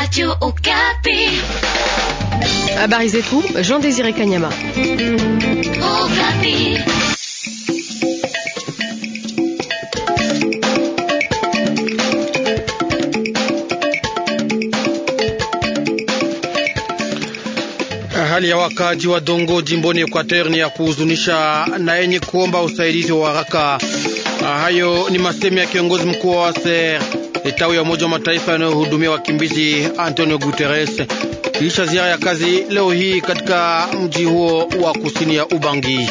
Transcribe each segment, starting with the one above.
Radio Okapi. Habari zetu Jean Désiré Kanyama. Okapi. Hali ya wakaji wa Dongo jimboni Equateur ni ya kuhuzunisha na yenye kuomba usaidizi wa haraka. Hayo ni masemi ya kiongozi mkuu wa ASER tawi ya Umoja wa Mataifa yanayohudumia wakimbizi Antonio Guterres kisha ziara ya kazi leo hii katika mji huo wa kusini ya Ubangi.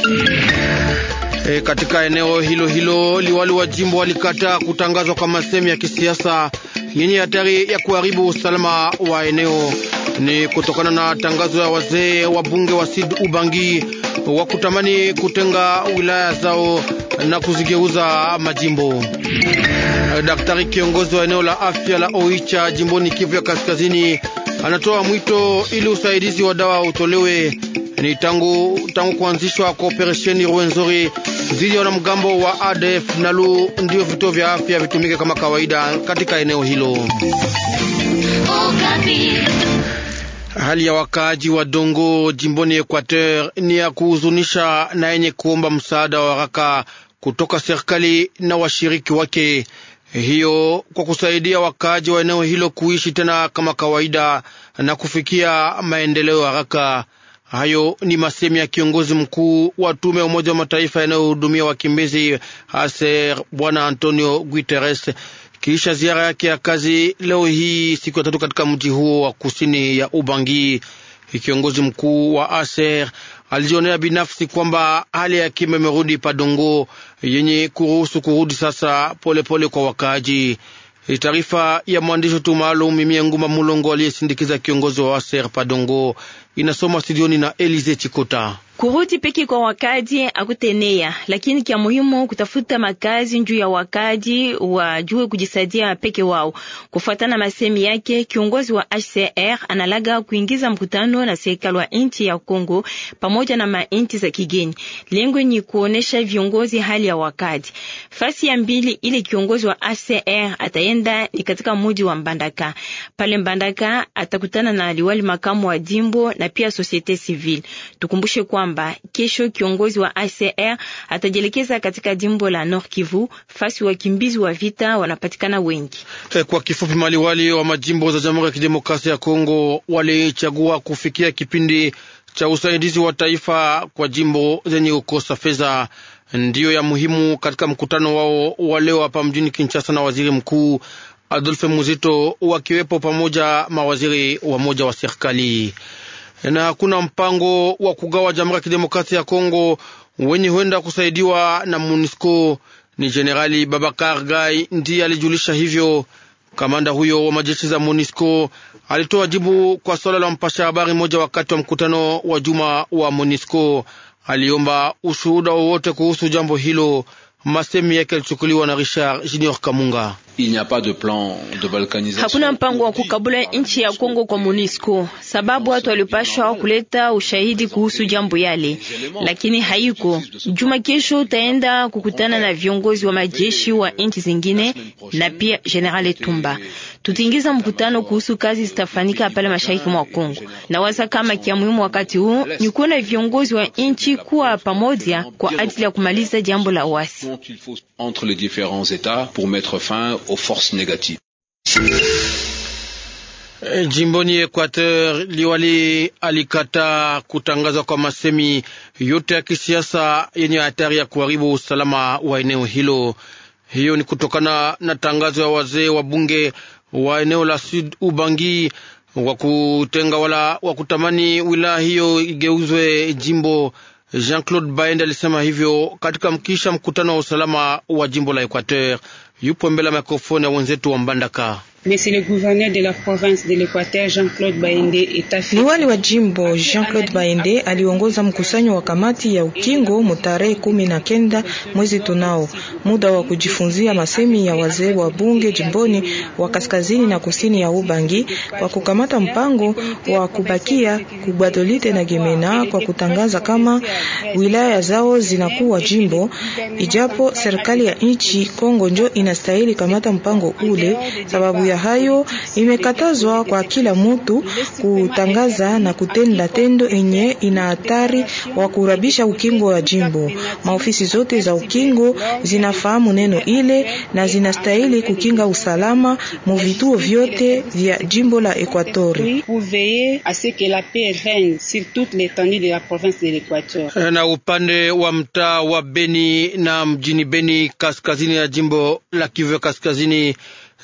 E, katika eneo hilo hilo liwali wa jimbo walikataa kutangazwa kwa masemi ya kisiasa yenye hatari ya kuharibu usalama wa eneo. Ni kutokana na tangazo ya wazee wa bunge wa Sid Ubangi wa kutamani kutenga wilaya zao na kuzigeuza majimbo. Daktari kiongozi wa eneo la afya la Oicha jimboni Kivu ya Kaskazini anatoa mwito ili usaidizi wa dawa utolewe. Ni tangu tangu kuanzishwa kwa operesheni Rwenzori dhidi ya wanamgambo wa ADF Nalu, ndiyo vituo vya afya vitumike kama kawaida katika eneo hilo. Oh, Hali ya wakaaji wa Dongo jimboni Equateur ni ya kuhuzunisha na yenye kuomba msaada wa haraka kutoka serikali na washiriki wake, hiyo kwa kusaidia wakaaji wa eneo hilo kuishi tena kama kawaida na kufikia maendeleo haraka. Hayo ni masemi ya kiongozi mkuu wa tume ya Umoja wa Mataifa yanayohudumia wakimbizi, hasa Bwana Antonio Guterres kisha ziara yake ya kazi leo hii siku ya tatu katika mji huo wa kusini ya Ubangi. Kiongozi mkuu wa ASER alijionea binafsi kwamba hali ya kima imerudi Padongo yenye kuruhusu kurudi sasa polepole pole kwa wakaaji. Taarifa ya mwandishi wetu maalum Mimie Nguma Mulongo aliyesindikiza kiongozi wa Waser Padongo inasoma studioni na Elize Chikota. Kurudi peke kwa wakadi akutenea, lakini kya muhimu kutafuta makazi njuu ya wakadi wajue kujisaidia peke wao. Kufuatana masemi yake, kiongozi wa HCR analaga kuingiza mkutano na serikali wa nchi ya Kongo pamoja na mainchi za kigeni. Lengo ni kuonesha viongozi hali ya wakadi Fasi ya mbili ile kiongozi wa ACR ataenda ni katika mji wa Mbandaka. Pale Mbandaka atakutana na aliwali makamu wa jimbo na pia societe civile. Tukumbushe kwamba kesho kiongozi wa ACR atajielekeza katika jimbo la Nord Kivu, fasi wakimbizi wa vita wanapatikana wengi. Eh, kwa kifupi, maliwali wa majimbo za Jamhuri ya Kidemokrasia ya Kongo walichagua kufikia kipindi cha usaidizi wa taifa kwa jimbo zenye kukosa fedha ndiyo ya muhimu katika mkutano wao wa leo hapa mjini Kinshasa na waziri mkuu Adolphe Muzito, wakiwepo pamoja mawaziri wa moja wa serikali. Na hakuna mpango wa kugawa Jamhuri ya Kidemokrasia ya Kongo wenye huenda kusaidiwa na MONUSCO. Ni Jenerali Babakar Gai ndiye alijulisha hivyo. Kamanda huyo wa majeshi za MONUSCO alitoa jibu kwa swala la mpasha habari moja wakati wa mkutano wa juma wa MONUSCO aliomba ushuhuda wowote kuhusu jambo hilo. Masemi yake alichukuliwa na Richard Junior Kamunga. Hakuna mpango wa kukabula nchi ya Kongo kwa MONUSCO, sababu watu walipashwa kuleta ushahidi kuhusu jambo yale, lakini haiko. Juma kesho utaenda kukutana na viongozi wa majeshi wa nchi zingine na pia General Tumba tutaingiza mkutano kuhusu kazi zitafanyika pale mashariki mwa Kongo. Nawaza kama kia muhimu wakati huu ni kuona viongozi wa nchi kuwa pamoja kwa ajili ya kumaliza jambo la uasi. Eh, jimboni Equateur, liwali alikataa kutangazwa kwa masemi yote ya kisiasa yenye hatari ya kuharibu usalama wa eneo hilo. Hiyo ni kutokana na tangazo ya wazee wa bunge wa eneo la Sud Ubangi wa kutenga wala wa kutamani wilaya hiyo igeuzwe jimbo. Jean-Claude Baende alisema hivyo katika mkisha mkutano wa usalama wa jimbo la Equateur. Yupo mbele ya mikrofoni ya wenzetu wa Mbandaka. Liwali wa jimbo Jean-Claude Baende aliongoza mkusanyo wa kamati ya ukingo mutarehe kumi na kenda mwezi tunao, muda wa kujifunzia masemi ya wazee wa bunge jimboni wa kaskazini na kusini ya Ubangi kwa kukamata mpango wa kubakia Kubadolite na Gemena kwa kutangaza kama wilaya zao zinakuwa jimbo, ijapo serikali ya nchi Kongo njo inastahili kamata mpango ule sababu ya ya hayo imekatazwa kwa kila mtu kutangaza na kutenda tendo enye ina hatari wa kurabisha ukingo wa jimbo. Maofisi zote za ukingo zinafahamu neno ile na zinastahili kukinga usalama mu vituo vyote vya jimbo la Ekwatori. Eh, na upande wa mtaa wa Beni na mjini Beni kaskazini ya jimbo la Kivu kaskazini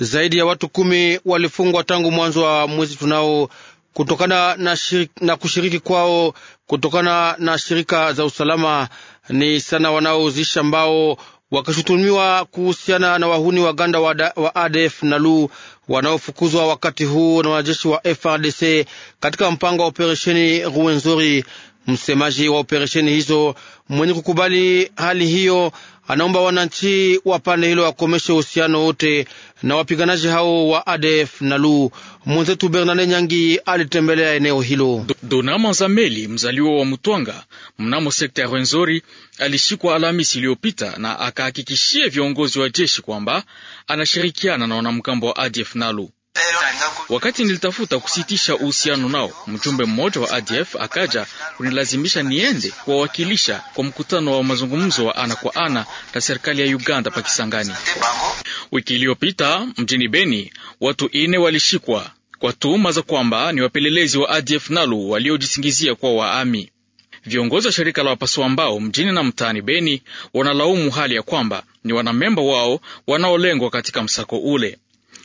zaidi ya watu kumi walifungwa tangu mwanzo wa mwezi tunao kutokana na, shirik, na kushiriki kwao kutokana na shirika za usalama. Ni sana wanaouzisha mbao wakishutumiwa kuhusiana na wahuni waganda wa ADF na lu wanaofukuzwa wakati huu na wanajeshi wa FRDC katika mpango wa operesheni Ruwenzori. Msemaji wa operesheni hizo mwenye kukubali hali hiyo anaomba wananchi wa pande hilo wakomeshe uhusiano wote na wapiganaji hao wa ADF na Lu. Mwenzetu Bernard Nyangi alitembelea eneo hilo. Donama Zameli, mzaliwa wa Mutwanga mnamo sekta ya Rwenzori, alishikwa Alhamisi iliyopita na akahakikishia viongozi wa jeshi kwamba anashirikiana na wanamgambo wa ADF na Lu. Wakati nilitafuta kusitisha uhusiano nao, mjumbe mmoja wa ADF akaja kunilazimisha niende kuwawakilisha kwa mkutano wa mazungumzo wa ana kwa ana na serikali ya Uganda Pakisangani. Wiki iliyopita mjini Beni, watu ine walishikwa kwa tuhuma za kwamba ni wapelelezi wa ADF NALU waliojisingizia kuwa waami. Viongozi wa shirika la wapasua mbao mjini na mtaani Beni wanalaumu hali ya kwamba ni wanamemba wao wanaolengwa katika msako ule.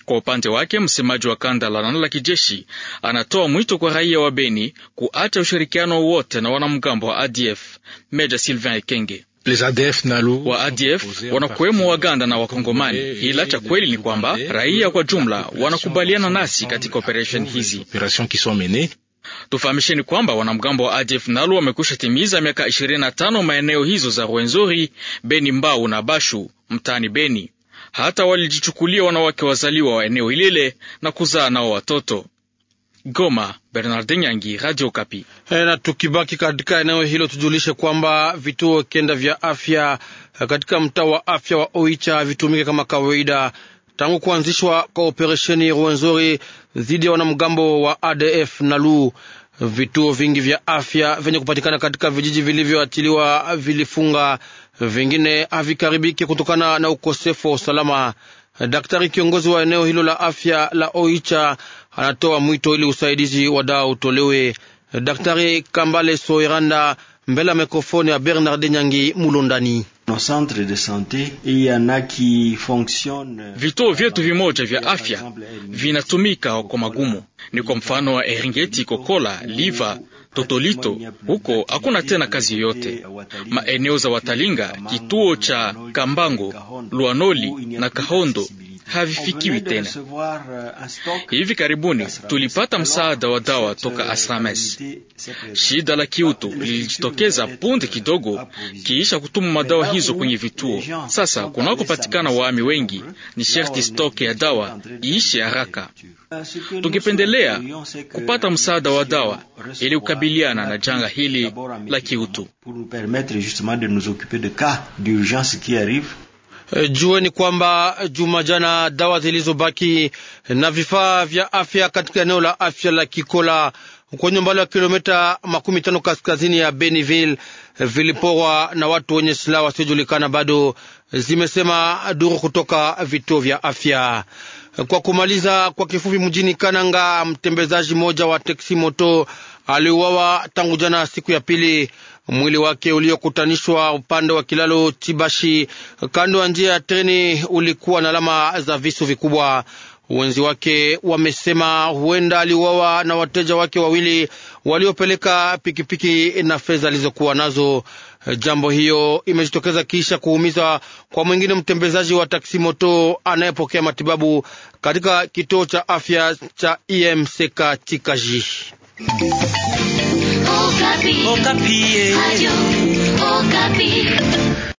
Kwa upande wake, msemaji wa kanda la nane la kijeshi anatoa mwito kwa raia wa Beni kuacha ushirikiano wote na wanamgambo wa ADF. Meja Sylvain Ekenge wa ADF wanakuwemo Waganda na Wakongomani, ila cha kweli ni kwamba raia kwa jumla wanakubaliana nasi katika operesheni hizi. Tufahamisheni kwamba wanamgambo wa ADF nalu wamekwisha timiza miaka 25 maeneo hizo za Rwenzori, Beni, Mbau na Bashu mtaani Beni hata walijichukulia wanawake wazaliwa wa eneo hilile na kuzaa nao watoto. Goma, Bernard Nyangi, Radio Kapi. Eh, na tukibaki katika eneo hilo, tujulishe kwamba vituo kenda vya afya eh, katika mtaa wa afya wa Oicha vitumike kama kawaida tangu kuanzishwa kwa operesheni Rwenzori dhidi ya wanamgambo wa ADF Nalu. Vituo vingi vya afya vyenye kupatikana katika vijiji vilivyoachiliwa vilifunga, vingine havikaribiki kutokana na ukosefu wa usalama. Daktari kiongozi wa eneo hilo la afya la Oicha anatoa mwito ili usaidizi wa dawa utolewe. Daktari Kambale Soiranda mbele ya mikrofoni ya Bernard Nyangi Mulondani. Nos centres de qui Vituo vyetu vimoja vya afya vinatumika kwa magumu, ni kwa mfano wa Eringeti, Kokola, Liva, Totolito. Huko hakuna tena kazi yoyote. Maeneo za Watalinga, kituo cha Kambango, Luanoli na Kahondo havifikiwi tena. Euh, Hivi karibuni tulipata msaada wa dawa toka euh, Asrames. Shida la kiutu ah, lilijitokeza punde kidogo kiisha kutuma madawa hizo kwenye vituo. Sasa kunakopatikana waami wengi, ni sherti stoke ya dawa iishe haraka. Tungependelea euh, kupata msaada wa dawa ili kukabiliana na janga hili la kiutu. Eh, Jue ni kwamba juma jana dawa zilizobaki na vifaa vya afya katika eneo la afya la Kikola kwenye umbali wa kilomita makumi tano kaskazini ya Beniville eh, viliporwa na watu wenye silaha wasiojulikana bado, eh, zimesema duru kutoka vituo vya afya. Kwa kumaliza kwa kifupi, mjini Kananga, mtembezaji mmoja wa teksi moto aliuawa tangu jana siku ya pili. Mwili wake uliokutanishwa upande wa kilalo Chibashi kando ya njia ya treni ulikuwa na alama za visu vikubwa. Wenzi wake wamesema huenda aliuawa na wateja wake wawili waliopeleka pikipiki na fedha alizokuwa nazo. Jambo hiyo imejitokeza kisha kuumiza kwa mwingine mtembezaji wa taksi moto anayepokea matibabu katika kituo cha afya cha Imseka Chikaji. Okapi. Okapi.